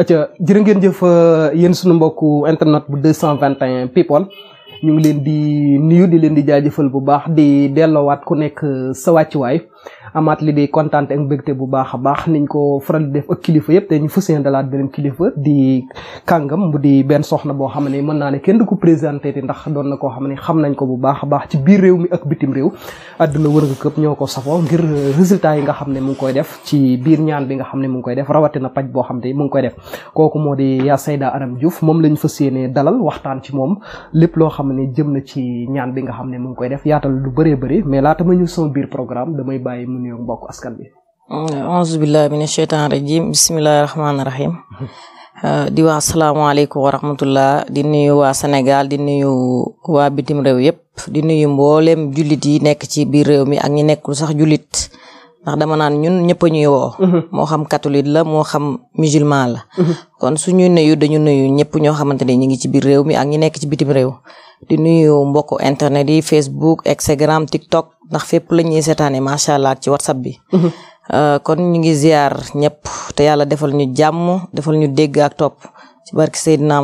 acca jërë ngeen jëf euh, yéen sunu mbokku internet bu 221 people ñu ngi leen di nuyu di leen di jaajëfal bu baax di delloowaat ku nekk euh, sa wàccuwaay amaat li di kontaan ak mbégte bu baax a baax niñ ko faral di def ak kilifa yëpp te ñu fësee dalaat beneen kilifa di kàngam bu di benn soxna boo xam ne mën naa ne kenn du présenté te ndax doon na koo xam ne xam nañ ko bu baax a baax ci réew mi ak bitim réew àdduna wërnga këpp ñoo ko safoo ngir résultat yi nga xam ne mu ngi koy def ci biir ñaan bi nga xam ne mu ngi koy def rawatina paj boo xam ne mu ngi koy def kooku moo di Anam Diouf moom lañ fas yéene dalal waxtaan ci moom lépp loo xam ne jëm na ci ñaan bi nga xam ne mu ngi koy def yaatal lu bëree bëri mais laata ma ñu sama biir programme damay bàyyi bàyyi mu nuyoog askan bi. auzu billahi mina shaytaani rajim bismillahi rahmaani rahim. di waa asalaamaaleykum wa rahmatullah di nuyu waa Sénégal di nuyu waa bitim réew yëpp di nuyu mboolem jullit yi nekk ci biir réew mi ak ñi nekkul sax jullit. ndax dama naan ñun ñëpp a ñuy mhm. la moo xam musulman la. Mhm. kon su ñuy dañu nuyu ñëpp ñoo xamante ne ñu ngi ci biir réew mi ak ñi nekk ci bitim réew. di nuyu mbokku internet yi Facebook Instagram TikTok ndax fépp la ñuy seetaanee macha allah ci WhatsApp bi. Mhm. Euh, kon ñu ngi ziar ñëpp te yàlla defal ñu jàmm defal ñu dégg ak topp ci barke Seydina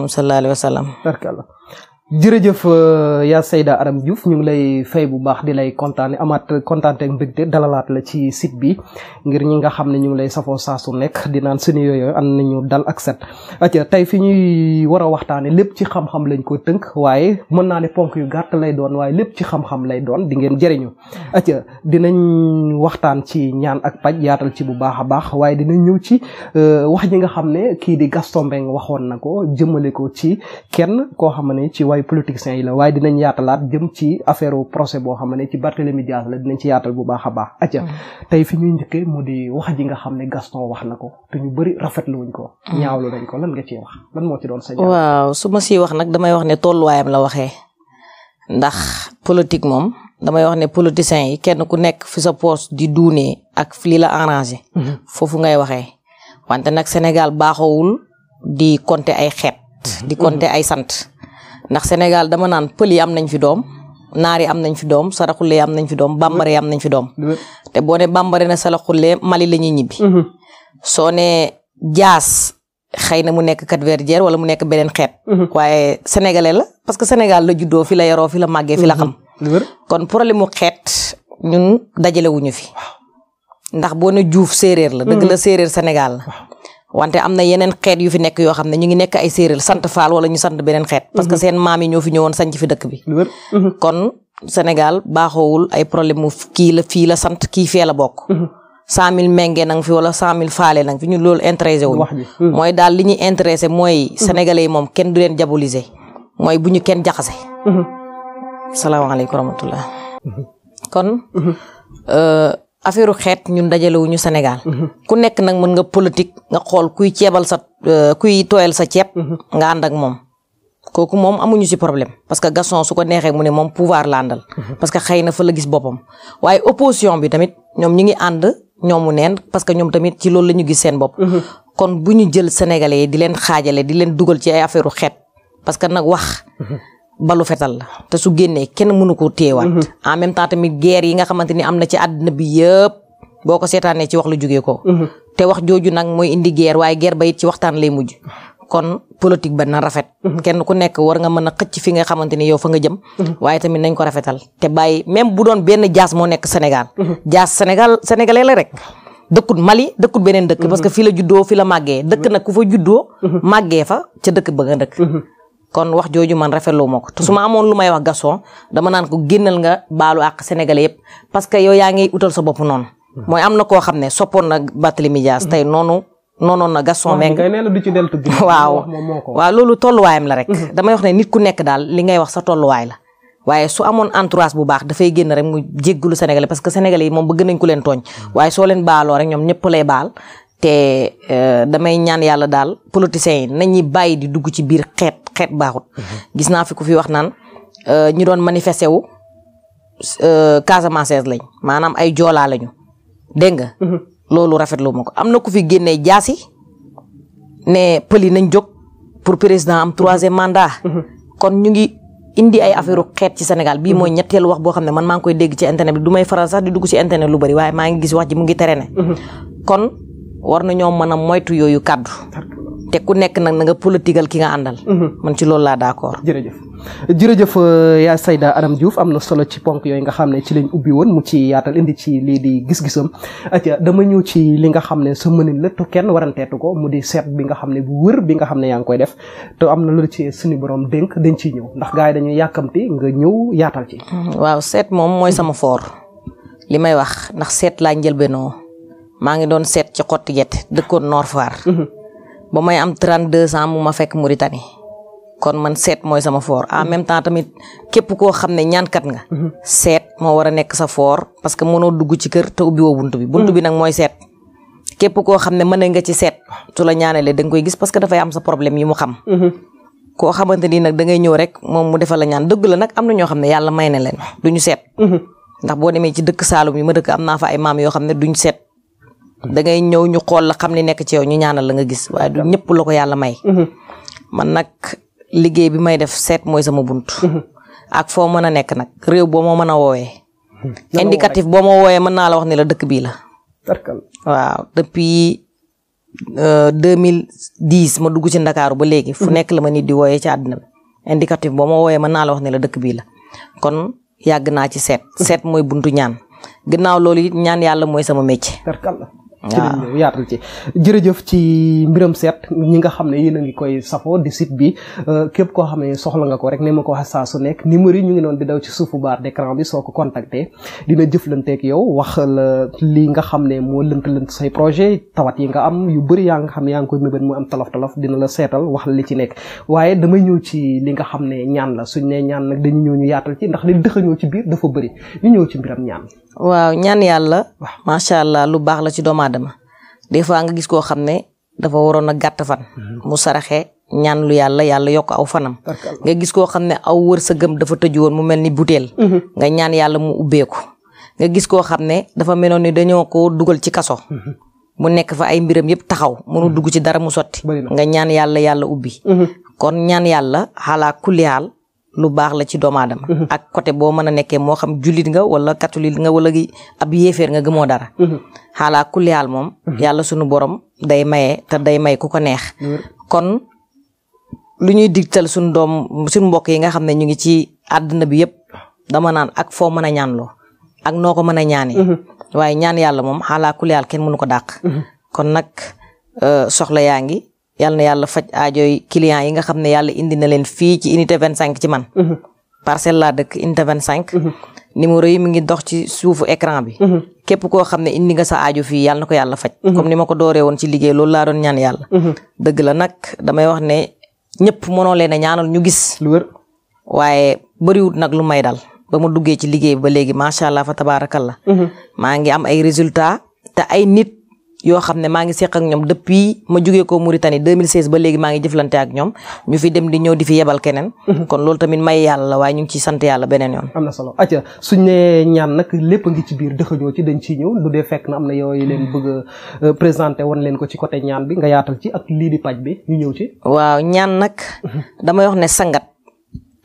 jërëjëf euh, ya Seyda Aram Diouf ñu ngi lay fay bu baax di lay kontaane amaat kontaante ak mbégte dalalaat la ci site bi ngir ñi nga xam ne ñu ngi lay safoo saa su nekk di naan suñu yooyu am nañu dal ak set. atia tey fi ñuy war a waxtaanee lépp ci xam-xam lañ ko tënk waaye mën naa ne ponk yu gàtt lay doon waaye lépp ci xam lay doon di ngeen jëriñu. atia dinañ waxtaan ci ñaan ak paj yaatal ci bu baax a baax waaye dinañ ñëw ci euh, wax ji nga xam ne kii di Gaston Mbengue waxoon na ko jëmmale ko ci kenn koo xam ci way taxawaayu politiciens yi la waaye dinañ yaatalaat jëm ci affaire procès boo xam ci Barthélemy Dias la dinañ ci yaatal bu baax a baax. acca mm. tey fi ñuy njëkkee mu di wax nga xam ne Gaston wax na ko te ñu bëri rafetlu ko. Mm. ñaawlu nañ ko lan nga ciy wax lan moo ci doon sa. waaw su ma wax nag damay wax ne la waxee ndax politique moom. damay wax ne politiciens yi kenn ku nekk fi sa poste di duunee ak lii la arrangé. Mm-hmm. foofu ngay waxee wante nag Sénégal baaxowul di compter ay xeet. di compter mm-hmm. ay sant. ndax Sénégal dama naan pël yi am nañ fi doom naar yi am nañ fi doom saraxule lee am nañ fi doom bambare yi am nañ fi doom. te boo ne bambare na lee Mali la ñuy ñibbi. Mhm. soo nee jaas xëy na mu nekk Cap-Verdien wala mu nekk beneen xeet. Mhm. waaye sénégalais la parce que Sénégal la juddoo fi la yaroo fi la màggee fi la xam. Mhm. kon problème mu xeet ñun dajalewuñu fi. ndax boo ne Juuf séeréer la. dëgg la séeréer Sénégal wante am na yeneen xeet yu fi nekk yoo xam ne ñu ngi nekk ay séeréer sant faal wala ñu sant beneen xeet. parce que mhm. seen maam yi ñoo fi ñëwoon sanc fi dëkk bi. Mhm. kon Sénégal baaxoowul ay problème mu kii la fii la sant kii fee la bokk. Mhm. cent mille menge nang fi wala cent mille faale nang fi ñu loolu intéressé wuñu mooy daal li ñu intéressé mooy. sénégalais yi moom kenn du leen diaboliser. mooy bu ñu kenn jaxasee salaamaaleykum wa rahmatullah kon. Euh, affaireu xeet ñun dajalewuñu Sénégal. Mm-hmm. ku nekk nag mën nga politique nga xool kuy ceebal sa euh, kuy tooyal sa ceeb. Mm-hmm. nga ànd ak moom. kooku moom amuñu si problème parce que Gaston su ko neexee mu ne moom pouvoir la àndal. Mm-hmm. parce que xëy na fa la gis boppam. waaye opposition bi tamit ñoom ñu ngi ànd ñoomu neen parce que ñoom tamit ci loolu la ñu gis seen bopp. kon bu ñu jël sénégalais yi di leen xaajale di leen dugal ci ay affaireu xeet parce que nag wax. balu fetal la te su génnee kenn mënu ko téyewaat. Mhm. en même temps tamit guerre yi nga xamante ni am na ci àddina bi yëpp boo ko seetaanee ci wax la jugee ko. Mhm. te wax jooju nag mooy indi guerre waaye guerre ba it ci waxtaan lay mujj. kon politique ba na rafet. Mhm. kenn ku nekk war nga mën a xëcc fi nga xamante ni yow fa nga jëm. waaye tamit nañ ko rafetal te bàyyi même bu doon benn jaas moo nekk Sénégal. jaas Sénégal sénégalais la rek. dëkkut Mali dëkkut beneen dëkk. parce que fi la j fi la màggee. dëkk nag ku fa juddoo. màggee fa ca dëkk ba nga kon wax jooju man rafet lu ma ko te su ma amoon lu may wax Gaston dama naan ko génnal nga baalu àq sénégalais yëpp parce que yow yaa ngi utal sa bopp noonu. mooy am na koo xam ne soppoon na Barthélémy Dias tey noonu. noonoon na Gaston Mbengue waaw waaw loolu tolluwaayam la rek. Mhm. damay wax ne nit ku nekk daal li ngay wax sa tolluwaay la. waaye su amoon entourage bu baax dafay génn rek mu jéggalu sénégalais parce que sénégalais yi moom bëgg nañ ku leen tooñ. Mhm. waaye soo leen baaloo rek ñoom ñëpp lay baal. te euh, damay ñaan yàlla daal politiciens yi di dugg ci biir xeet xeet baaxut. Mhm. gis naa fi ku fi wax naan euh, ñi doon manifester wu euh, Casamance lañ maanaam ay joolaa lañu dégg nga. Mhm. loolu rafetlu ma ko am na ku fi génnee jaasi ne pël yi nañ jóg pour président am troisième mhm. mandat. kon ñu ngi indi ay affaire xeet ci senegal bii mooy ñetteelu wax boo xam ne man maa ngi koy dégg ci internet bi du may faral sax di dugg ci internet lu bari waaye maa ngi gis wax ji mu ngi tere ne kon war nañoo mën a moytu yooyu kàddu. te ku nekk nag na nga politikal ki nga àndal. Mhm. man ci loolu laa d'accord. jërëjëf jërëjëf euh, yaa Sayda Adam Diouf am na solo ci ponk yooyu nga xam ne ci lañ ubbi woon mu ci yaatal indi ci lii di gis-gisam. atia dama ñëw ci li nga xam ne sa mënin la te kenn waranteetu ko mu di seet bi nga xam ne bu wër bi nga xam ne yaa ngi koy def te am na loolu ci suñu borom dénk dañ ci ñëw ndax ga yi dañuy yàkkamti nga ñëw yaatal ci. Mhm. waaw seet moom mooy sama foor li may wax ndax seet laa njëlbeenoo maa ngi doon seet ci xotti gerte dëkkoon Nord ba may am 32 ans mu ma fekk Mauritanie kon man seet mooy sama foor en même temps tamit képp koo xam ne ñaankat nga. seet moo war a nekk sa foor parce que mënoo dugg ci kër te ubbi woo bunt bi. bunt bi nag mooy seet. képp koo xam ne mën nga ci seet su la ñaanalee da nga koy gis parce que dafay am sa problème yi mu xam. koo xamante ni nag da ngay ñëw rek moom mu defal la ñaan dëgg la nag am na ñoo xam ne yàlla may na leen ñu seet. ndax boo demee ci dëkk Saalum yi ma dëkk am naa yoo xam ne duñu seet. da ngay ñëw ñu xool la xam ne nekk ci yow ñu ñaanal la nga gis waaye du ñëpp la ko yàlla may. Mm-hmm. man nag liggéey bi may def seet mooy sama bunt. Mm-hmm. ak foo mën a nekk nag réew boo ma mën a woowee. indicatif boo ma woowee mën naa la wax ni la dëkk bii la. waaw depuis deux mille dix ma dugg ci ndakaaru ba léegi. fu nekk la ma nit di wooyee ci àddina bi. boo ma wooyee mën naa la wax ne la dëkk bii la kon yàgg naa ci seet. Mm-hmm. seet mooy bunt ñaan. ginnaaw loolu ñaan yàlla mooy sama métier. ci lañ yaatal ci jërëjëf ci mbiram seet ñi nga xam ne yéen a ngi koy safoo di site bi euh, képp koo xam ne soxla nga ko rek ne ma ko wax saa su nekk numéro yi ñu ngi noonu di daw ci suufu barre d'écran bi soo ko contacté dina jëflanteeg yow wax la euh, li nga xam ne moo lënt-lënt say projet tawat yi nga am yu bëri yaa nga xam ne yaa ngi koy mébét mu am talof-talof dina la seetal wax la li ci nekk waaye damay ñëw ci li nga xam ne ñaan la suñ ne ñaan nag dañu ñëw ñu yaatal ci ndax li dëxañoo ci biir dafa bëri ñu ñëw ci mbiram ñaan waaw ñaan yàlla macha allah lu baax la ci doomu aadama des fois nga gis koo xam ne dafa waroon a gàtt fan. mu saraxe ñaan lu yàlla yàlla yokk aw fanam. nga gis koo xam ne aw wërsëgam dafa tëju woon mu mel ni butéel. Mhm. nga ñaan yàlla mu ubbeeku. nga gis koo xam ne dafa meloon ni dañoo ko dugal ci kaso. Mhm. mu nekk fa ay mbiram yëpp taxaw mënu mhm. dugg ci dara mu sotti. nga ñaan yàlla yàlla ubbi. kon ñaan yàlla xalaa kulli lu baax la ci doomu aadama mhm. ak côté boo mën a nekkee moo xam jullit nga wala katolik nga wala ab yéeféer nga gëmoo dara mhm. xaalaa kulliyaal moom mhm. yàlla sunu borom day maye te day may ku ko neex kon lu ñuy digtal suñu doom suñu mbokk yi nga xam ne ñu ngi ci àdduna bi yëpp dama naan ak foo mën a ñaanloo ak noo ko mën a ñaanee waaye ñaan yàlla moom xaalaa kulliyaal kenn mënu ko dàq kon nag euh, soxla yaa yal na yàlla faj aajooy clients yi nga xam ne yàlla indi na leen fii ci unité 25 ci man. Mhm. parcelle laa dëkk unité 25. Mhm. numéro yi mu ngi dox ci suufu écran bi. Mhm. képp koo xam ne indi nga sa aajo fii yàlla ko yàlla faj. comme ni ma ko dooree woon ci liggéey loolu laa doon ñaan yàlla. dëgg la nag damay wax ne ñëpp mënoo leen a ñaanal ñu gis. lu wër waaye bëriwut nag lu may dal ba ma duggee ci liggéey ba léegi macha allah fa tabaarakalla. maa ngi am ay résultats yoo xam ne maa ngi seq ak ñoom depuis ma jugee ko Mauritanie 2016 ba léegi maa ngi jëflante ak ñoom ñu fi dem di ñëw di fi yebal keneen. Mhm. kon loolu tamit may yàlla la waaye ñu ngi ciy sant yàlla beneen yoon. am na solo acca suñ ne ñaan nag lépp a ngi ci biir dëxëñoo ci dañ ciy ñëw du dee fekk na am na yooyu leen bëgg a mhm. euh, woon leen ko ci côté ñaan bi nga ak lii di paj bi ñu ñëw ci. waaw ñaan nag. Mhm. damay wax ne sangat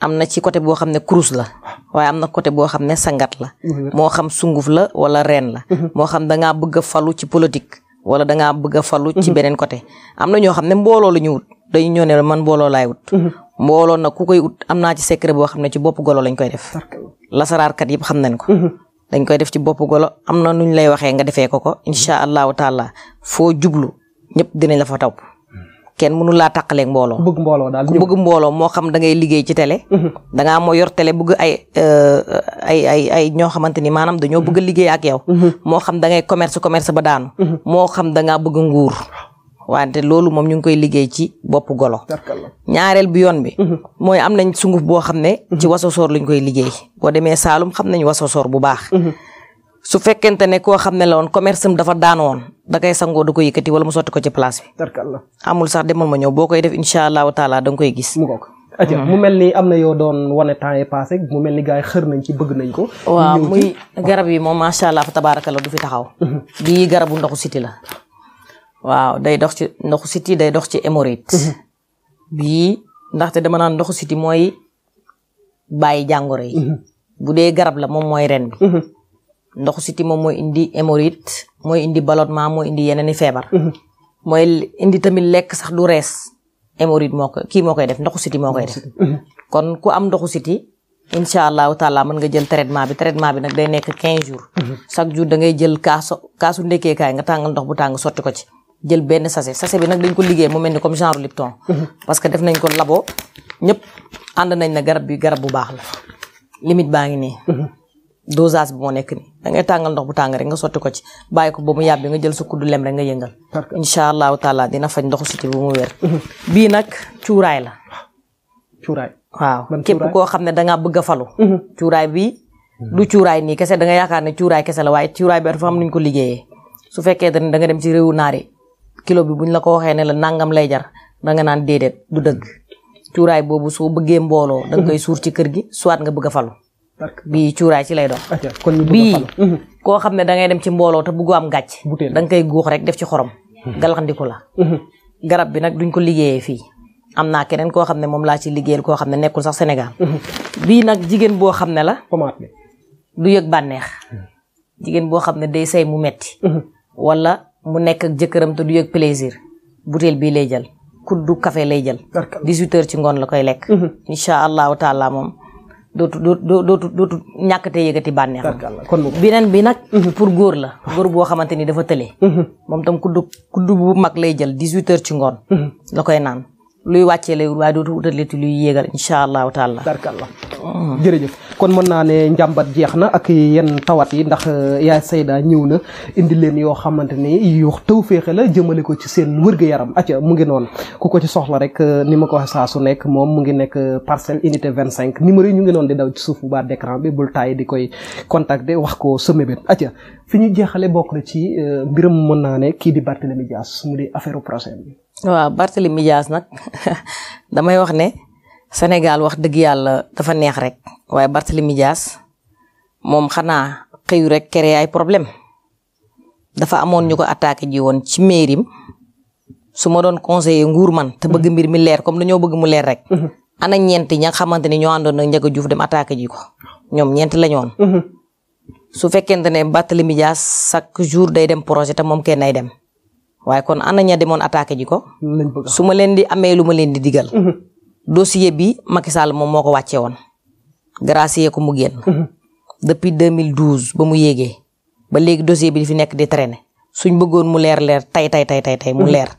am na ci côté boo xam ne kurus la. waaye am na côté boo xam ne sangat la. moo xam sunguf la wala reen la. moo xam da ngaa bëgg falu ci politique wala da ngaa bëgg a falu. ci mhm. beneen côté am na ñoo xam ne mbooloo la ñu wut dañu ñëw ne man mbooloo laay wut. Mhm. mbooloo nag ku koy wut am naa ci secret boo xam ne ci bopp golo lañ koy def. lasaraarkat yëpp xam nañ ko. Mhm. dañ koy def ci bopp golo am na ñu lay waxee nga defee ko ko incha allahu taala foo jublu ñëpp dinañ la fa taw. kenn mënu laa tàqaleeg mbooloo. bëgg mbooloo daal bëgg mbooloo moo xam da ngay liggéey ci télé. Mhm. danga ngaa moo yor télé bëgg ay euh, ay ay ay ñoo xamante ni maanaam dañoo bëgg a mhm. liggéey ak yow. Mhm. moo xam da ngay commerce commerce ba daanu. moo xam da bëgg nguur. wante loolu moom ñu ngi koy liggéey ci bopp golo. ñaareel bi yoon bi. mooy am nañ sunguf boo xam ne. ci wasosoor lañ koy liggéey. boo demee Saalum xam nañ wasosoor bu baax. su fekkente ne koo xam ne la woon commerce dafa daan woon da kay sangoo du ko yëkkati wala mu sotti ko ci place bi. amul sax demal ma ñëw boo koy def incha allahu taala da nga koy gis. mu mel ni am na yoo doon wane temps yi passé mu mel ni gars yi nañ ci bëgg nañ ko. waaw muy garab yi moom macha allah fa la du fi taxaw. bii garabu ndoxu siti la. waaw day dox ci ndoxu siti day dox ci hémorroïde. bii ndaxte dama naan ndoxu siti mooy bàyyi jàngoro yi. bu dee garab la moom mooy ren bi. ndoxu siti moom mooy indi hémorroïde mooy indi ballonnement mooy indi yeneen i feebar. Mhm. mooy indi tamit lekk sax du rees hémorroïde moo ko kii moo koy def ndoxu siti moo koy def. Mhm. kon ku am ndoxu siti incha allahu taala mën nga jël traitement bi traitement bi nag day nekk 15 jours. Mhm. chaque jour da ngay jël kaasu kaasu ndekkeekaay nga tàngal ndox bu tàng sotti ko ci. jël benn sachet sachet bi nag dañ ko liggéey mu mel ni comme genre Lipton. parce que def nañ ko labo ñëpp ànd nañ na garab bi garab bu baax la limite baa ngi nii. dosage bi moo nekk ni da ngay tàngal ndox bu tàng rek nga sotti ko ci bàyyi ko boobu mu yàbbi nga jël sa kuddu lem rek nga yëngal. incha allahu taala dina faj ndoxu siti bu mu wér. Mhm. bii nag cuuraay la. cuuraay koo xam ne da ngaa bëgg a falu. Mhm. cuuraay bi du mhm. cuuraay nii kese danga yaakaar ne cuuraay kese la waaye cuuraay bi dafa am nu ñu ko liggéeye su fekkee da danga dem si réewu naari kilo bi buñ la ko waxee ne la nangam lay jar da nga naan déedéet du dëgg cuuraay boobu soo bëggee mbooloo. da koy suur ci kër gi soit nga bëgg a bii cuuraay ci lay dox. Ah, bii mhm. koo xam ne da ngay dem ci mbooloo te bëggu am gàcc. da nga koy guux rek def ci xorom. Mhm. galaxandiku la. Mhm. garab bi nag duñ ko liggéeyee fii. am naa keneen koo xam ne moom laa ci liggéeyal koo xam ne nekkul sax Sénégal. bii nag jigéen boo xam ne la. du yëg bànneex. jigéen boo xam ne day say mu metti wala mu nekk ak jëkkëram te du yëg plaisir. butéel bii lay jël. du kafe lay jël. 18 heures ci ngoon la koy lekk. incha allahu taala moom. dootu dootu dootu ñàkkate yëgati bànneex beneen bi nag mhm. pour góor la ah. góor boo xamante ni dafa tëlee mhm. moom tam kudd kudd bu mag lay jël dix-huit heures ci ngoon mhm. la koy luy wàccee lay wut waaye dootu wutaleeti luy yéegal incha allahu taala. barkallah jërëjëf kon mën naa ne njàmbat jeex na ak yenn tawat yi ndax euh, yaay Sayda ñëw na indi leen yoo xamante ni yoo taw féexe la jëmale ko ci seen wërgu yaram acca mu ngi noonu ku ko ci soxla rek euh, ni ma ko waxee saa su nekk moom mu ngi nekk euh, parcelle unité 25 numéro yi ñu ngi noonu di daw ci suuf bu baax d'écran bi bul taay di koy contacter wax ko sa mébét acca fi ñu jeexale bokk na ci mbiram mën naa ne kii di Barthélémy Dias mu di affaire projet bi waaw Barthélemy Dias nag damay wax ne Sénégal wax dëgg yàlla dafa neex rek waaye Barthélemy Dias moom xanaa xëyu rek créer ay problème dafa amoon ñu ko attaque ji woon ci mairie su ma doon conseiller nguur man te bëgg mbir mi leer comme dañoo bëgg mu leer rek. Mhm. ana ñeenti ña nga xamante ni ñoo àndoon ak Ndiaga Diouf dem attaqué ji ko ñoom ñeenti la woon. Mhm. su fekkente ne Barthélemy Dias chaque jour day dem projet te moom kenn ay dem. waaye kon ana ña demoon attaqué ji ko. su ma leen di amee lu ma leen di digal. Mhm. dossier bi Macky Sall moom moo ko wàcce woon. gracier ko mu génn. Mhm. depuis 2012 ba mu yéegee ba léegi dossier bi di fi nekk di traîner suñ bëggoon mu leer leer tay tay tay tay tay mu mhm. leer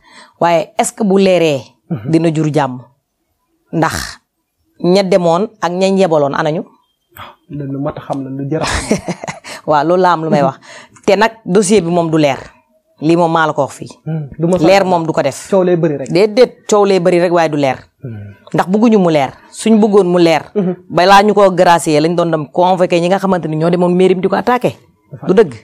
waaye est-ce que bu leeree. dina jur jàmm ndax ña demoon ak ña yebaloon anañu. Ah, lu lu jar waaw loolu laa lu may wax te nag dossier bi moom du leer. lii moom maa la ko wax fii. Hmm. leer moom du ko def. coow lay bëri rek déedéet coow lay bëri rek waaye du leer. Hmm. ndax bëgguñu mu leer suñ bëggoon mu leer. Hmm. balaa ñu ko gracier lañ doon dem convoqué ñi nga xamante ni ñoo demoon mairie bi di ko attaqué. du dëgg.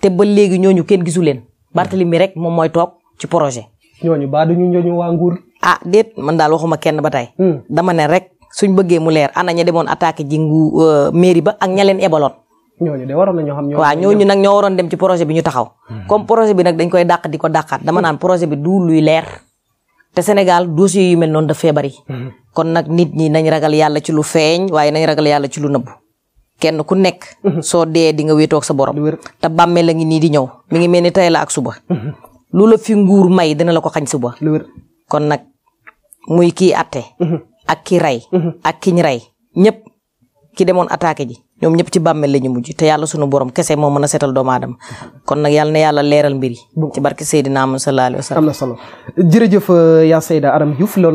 te ba léegi ñooñu kenn gisu leen. bi rek moom mooy toog ci projet. ñooñu baa du ñu ñooñu waa nguur. ah déet man daal waxuma kenn ba tey. dama ne rek suñ bëggee mu leer ana ña demoon attaqué ji ngu euh, mairie ba ak ña leen ebaloon. ñooñu de ñoo xam ñoo waaw ñooñu nag ñoo waroon dem ci projet bi ñu taxaw. Hmm. comme projet bi nag dañ koy dàq di ko dàqaat dama naan projet bi du luy leer. te Sénégal dossier yu mel noonu daf fee bari. Hmm. kon nag nit ñi nañ ragal yàlla ci lu feeñ waaye nañ ragal yàlla ci lu nëbb. kenn ku nekk. Hmm. soo dee di nga wéetoog sa borom. te bàmmeel la ngi nii di ñëw mi ngi mel ni tey la ak suba. lu la fi nguur may dina la ko xañ suba. kon nag muy kii ate ak ki rey. ak ki ñu rey ñëpp ki demoon attaqué ji. ñoom ñëpp ci bàmmeel la mujj te yàlla sunu borom kese moo mën a seetal doomu aadama kon nag yàlla na yàlla leeral mbir yi ci barke Seydina Muhammad sallallahu alayhi wa sallam am na solo jërëjëf euh, yaa Seyda la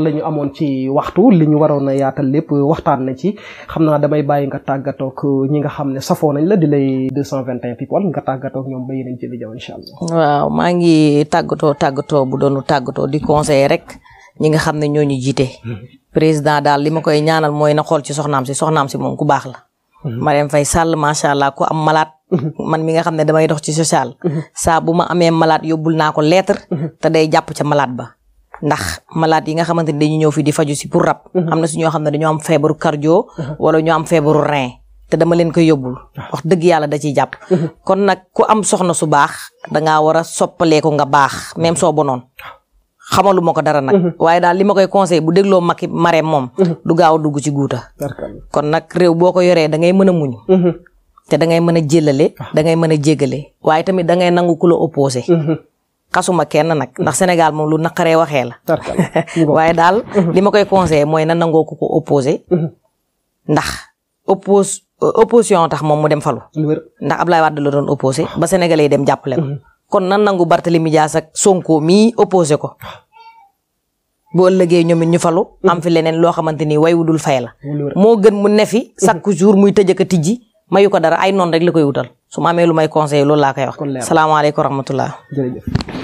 ñu amoon ci waxtu li ñu waroon a yaatal lépp waxtaan na ci xam naa damay bàyyi nga tàggatoog euh, ñi nga xam ne safoo nañ la di lay 221 people nga tàggatoog ñoom ba yeneen ci jaw incha allah waaw maa ngi tàggatoo tàggatoo bu doonu tàggatoo di conseiller rek ñi nga xam ne ñoo ñu jiite mm-hmm. président daal li ma koy ñaanal mooy na xool ci soxnaam si soxnaam si moom ku baax la Mhm. Marième Faye Sall macha allah ku am malaat. Mhm. man mi nga xam ne damay dox ci social. Mhm. saa bu ma amee malaat yóbbul naa ko lettre. te day jàpp ca malaat ba. ndax malaat yi nga xamante ni dañu ñëw fi di faju si pour rab. am na si ñoo xam ne dañoo am feebaru cardio. wala ñu am feebaru rein. te dama leen koy yóbbul ah. wax dëgg yàlla da ciy jàpp. kon nag ku am soxna su baax da ngaa war a soppaleeku nga baax même soo bonoon. Ah. xamaluma ko dara nag. Mhm. waaye daal li ma koy conseil bu dégloo Macky Marème moom. Mhm. du gaaw a dugg ci guuta. kon nag réew boo ko yoree da ngay mën a muñ. Mhm. te da ngay mën a jëlale. Ah. da ngay mën a jégale. waaye tamit da ngay nangu ku la opposé. xasuma kenn nag ndax Sénégal moom lu naqaree waxee la. waaye daal li ma koy conseillé mooy na nangoo ku ko opposé. ndax oppos tax moom mu dem falu. ndax Ablaye Wade la doon opposé ah. ba Sénégalais yi dem jàpp ko. kon nan nangu Barthélemy Dias ak Sonko mii opposé ko boo ëllëgee ñoom it ñu falu am fi leneen loo xamante ni way wudul fay la moo gën mu ne fi chaque jour muy tëj ak a tijji mayu ko dara ay noon rek la koy wutal su ma amee lu may conseil loolu laa koy wax salaamaaleykum wa rahmatullah jërëjëf